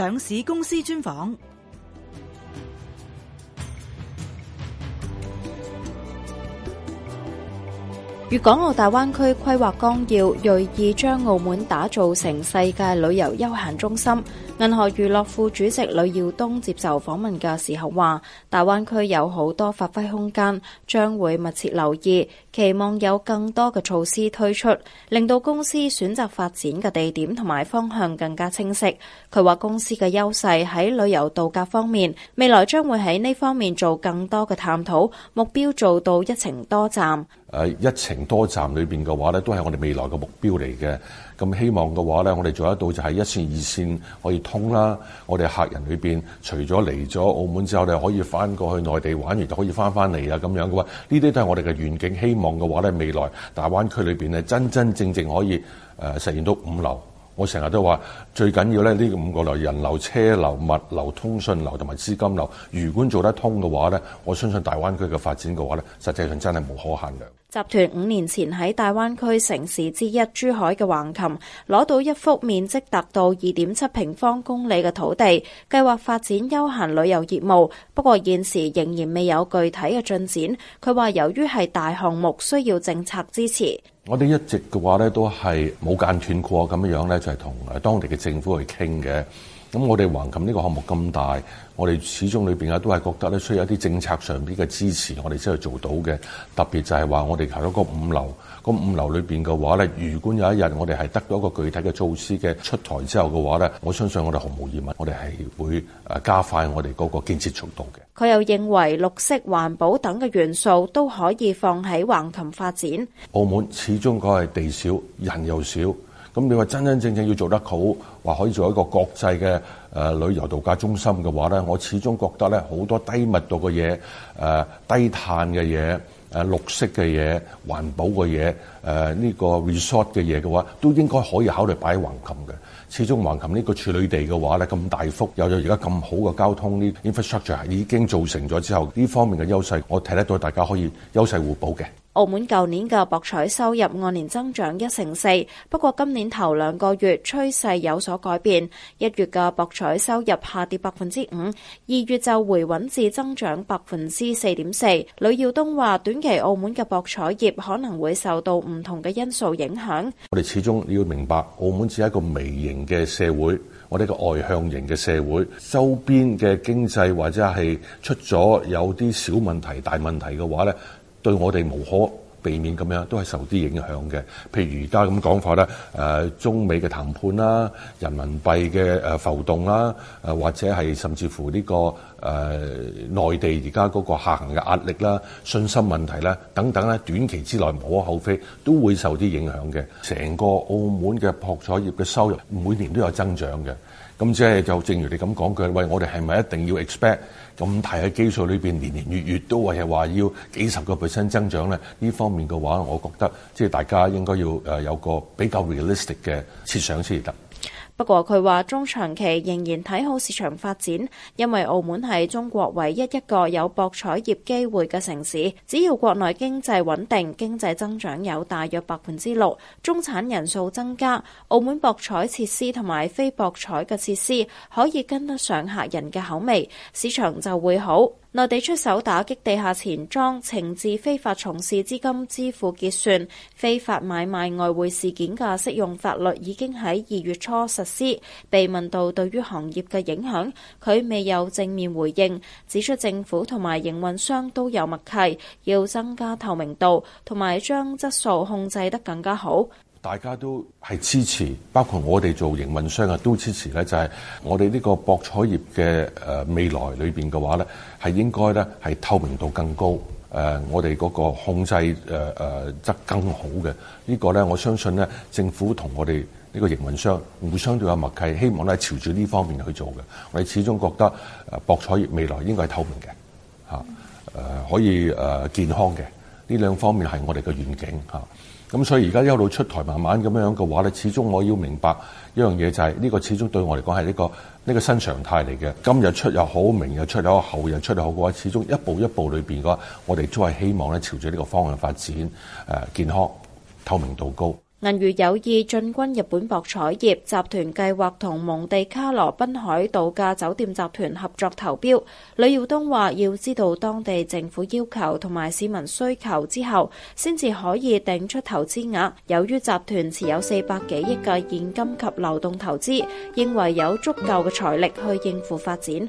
上市公司專訪。《粵港澳大灣區規劃綱要》銳意將澳門打造成世界旅遊休閒中心。銀河娛樂副主席呂耀東接受訪問嘅時候話，大灣區有好多發揮空間，將會密切留意，期望有更多嘅措施推出，令到公司選擇發展嘅地點同埋方向更加清晰。佢話，公司嘅優勢喺旅遊度假方面，未來將會喺呢方面做更多嘅探討，目標做到一程多站，啊。誒一程多站裏邊嘅話咧，都係我哋未來嘅目標嚟嘅。咁希望嘅話咧，我哋做得到就係一綫二綫可以通啦。我哋客人裏邊除咗嚟咗澳門之後，你可以翻過去內地玩完，就可以翻翻嚟啊。咁樣嘅話，呢啲都係我哋嘅願景。希望嘅話咧，未來大灣區裏邊咧，真真正正可以誒實現到五樓。我成日都話，最緊要咧呢五個流：人流、車流、物流、通訊流同埋資金流。如果做得通嘅話咧，我相信大灣區嘅發展嘅話咧，實際上真係無可限量。集團五年前喺大灣區城市之一珠海嘅橫琴攞到一幅面積達到二點七平方公里嘅土地，計劃發展休閒旅遊業務。不過現時仍然未有具體嘅進展。佢話由於係大項目，需要政策支持。我哋一直嘅話咧，都係冇間斷過咁樣樣咧，就係同當地嘅政府去傾嘅。咁我哋橫琴呢個項目咁大，我哋始終裏面都係覺得咧，需要一啲政策上邊嘅支持，我哋先係做到嘅。特別就係話，我哋搞咗個五樓，個五樓裏面嘅話咧，如果有一日我哋係得到一個具體嘅措施嘅出台之後嘅話咧，我相信我哋毫無疑問，我哋係會誒加快我哋嗰個建設速度嘅。佢又認為綠色、環保等嘅元素都可以放喺橫琴發展。澳門始終佢係地少，人又少。咁你話真真正正要做得好，話可以做一個國際嘅誒旅遊度假中心嘅話咧，我始終覺得咧好多低密度嘅嘢、誒低碳嘅嘢、誒綠色嘅嘢、環保嘅嘢、呢、呢個 resort 嘅嘢嘅話，都應該可以考慮擺喺橫琴嘅。始終橫琴呢個處理地嘅話咧，咁大幅又有而家咁好嘅交通，呢、呢個、infrastructure 已經造成咗之後，呢方面嘅優勢，我睇得到大家可以優勢互補嘅。澳門舊年嘅博彩收入按年增長一成四，不過今年頭兩個月趨勢有所改變，一月嘅博彩收入下跌百分之五，二月就回穩至增長百分之四點四。呂耀東話：短期澳門嘅博彩業可能會受到唔同嘅因素影響。我哋始終要明白，澳門只係一個微型嘅社會，我哋一個外向型嘅社會，周邊嘅經濟或者係出咗有啲小問題、大問題嘅話咧。對我哋無可避免咁樣，都係受啲影響嘅。譬如而家咁講法咧、呃，中美嘅談判啦、人民幣嘅浮動啦、呃，或者係甚至乎呢個、呃、內地而家嗰個下行嘅壓力啦、信心問題啦等等咧，短期之內無可厚非都會受啲影響嘅。成個澳門嘅博彩業嘅收入每年都有增長嘅。咁即係就正如你咁講嘅，喂，我哋係咪一定要 expect 咁大嘅基數裏邊，年年月月都係話要幾十個 percent 增長咧？呢方面嘅話，我覺得即係大家應該要誒有個比較 realistic 嘅設想先至得。不過佢話中長期仍然睇好市場發展，因為澳門係中國唯一一個有博彩業機會嘅城市。只要國內經濟穩定，經濟增長有大約百分之六，中產人數增加，澳門博彩設施同埋非博彩嘅設施可以跟得上客人嘅口味，市場就會好。內地出手打擊地下錢莊、懲治非法從事資金支付結算、非法買賣外匯事件嘅適用法律，已經喺二月初實施。司被問到對於行業嘅影響，佢未有正面回應，指出政府同埋營運商都有默契，要增加透明度，同埋將質素控制得更加好。大家都係支持，包括我哋做營運商啊，都支持咧。就係我哋呢個博彩業嘅誒未來裏邊嘅話咧，係應該咧係透明度更高，誒我哋嗰個控制誒誒則更好嘅呢個咧，我相信呢政府同我哋。呢個營運商互相都有默契，希望都係朝住呢方面去做嘅。我哋始終覺得誒博彩業未來應該係透明嘅，嚇誒、嗯呃、可以誒健康嘅呢兩方面係我哋嘅願景嚇。咁、啊、所以而家一路出台慢慢咁樣嘅話咧，始終我要明白一樣嘢就係、是、呢、這個始終對我嚟講係呢個呢、這個新常態嚟嘅。今日出又好，明日出又好，後日出又好嘅話，始終一步一步裏邊嘅話，我哋都係希望咧朝住呢個方向發展誒、呃、健康、透明度高。銀娛有意進軍日本博彩業，集團計劃同蒙地卡羅濱海度假酒店集團合作投標。呂耀東話：要知道當地政府要求同埋市民需求之後，先至可以定出投資額。由於集團持有四百幾億嘅現金及流動投資，認為有足夠嘅財力去應付發展。